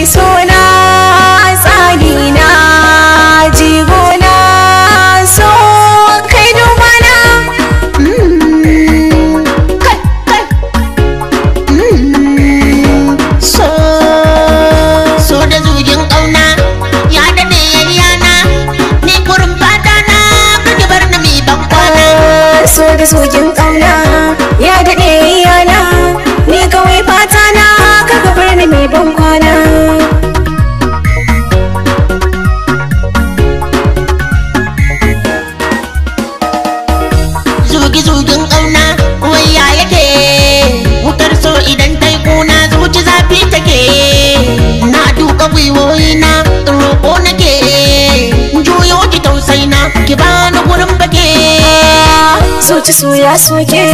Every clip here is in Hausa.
mai suna tsari na jigona so kai dumana so ƙauna ya fata na kake bar na mai bankwana ƙauna ya daɗe zuci su ya soke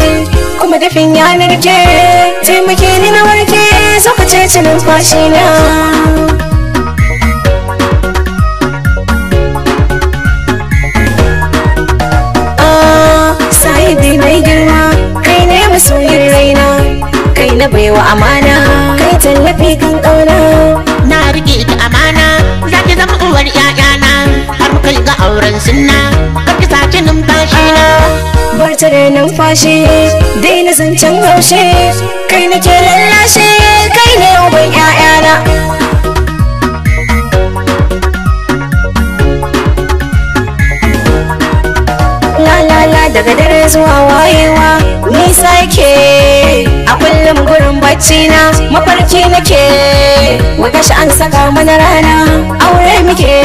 kuma dafin yanarke ke taimake ni na warke zaku ce ci numfashi na ah, mai girma kai ne masoyin raina kai na baiwa amana kai tallafi kan ƙauna na rike ki amana zaki zama uwar 'ya'yana har kai ga auren sunna cire numfashi daina zancen haushe kai nake lallashe kai ne uban 'ya'yana daga dare zuwa wayewa nisa yake a kullum gurin bacci na mafarki nake wagashi an saka mana rana aure muke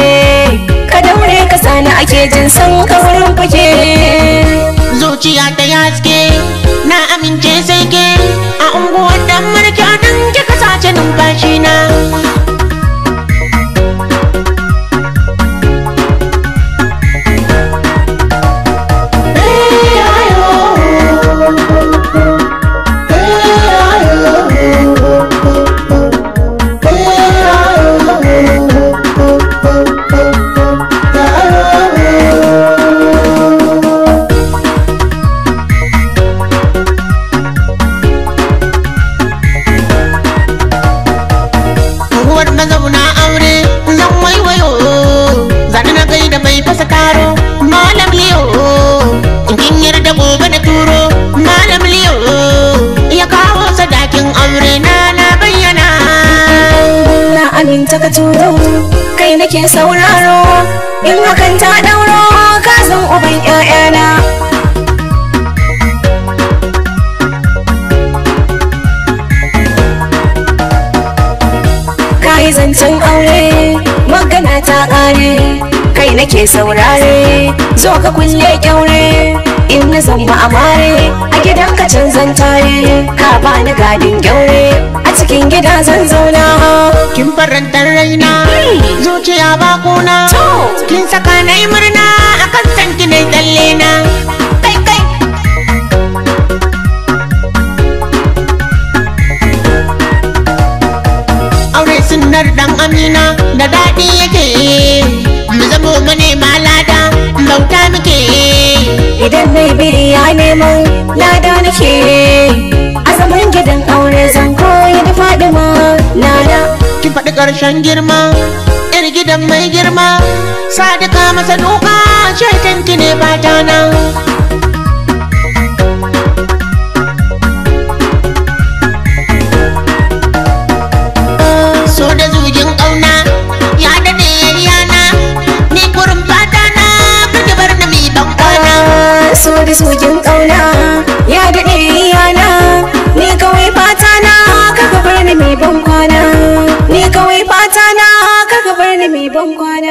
ka daure ka sani ake jin san ka wurin fuke zuciya ta yaske na amince sai ke a unguwar dan marke a nan kika sace numfashi na malam liyo in yarda gobe na turo malam liyo ya kawo sadakin aure na na bayyana na aminta ka turo kai nake sauraro in hakan ta dauro ka san uban ƴaƴana kai zancen aure magana ta ƙare kai nake saurare zo ka kulle kyaure in na zama amare a gidan ka zan tare ka ba ni gadin gyaure a cikin gida zan zauna kin farantar raina hmm. zuciya ba kuna kin saka na yi murna akan sanki ne tsalle na Aure sunar dan amina da daɗi yake mu zamo mu ma lada bauta muke idan mai biri ya nemo lada nake azumin gidan aure zan koyi da fadima lada ki faɗi ƙarshen girma yar gidan mai girma sadika masa duka shaitan ki ne ba ta nan masujin ƙauna ya daɗe iyana ni kawai fata na kaka bar mai bankwana ni kawai fata na kaka bar mai ban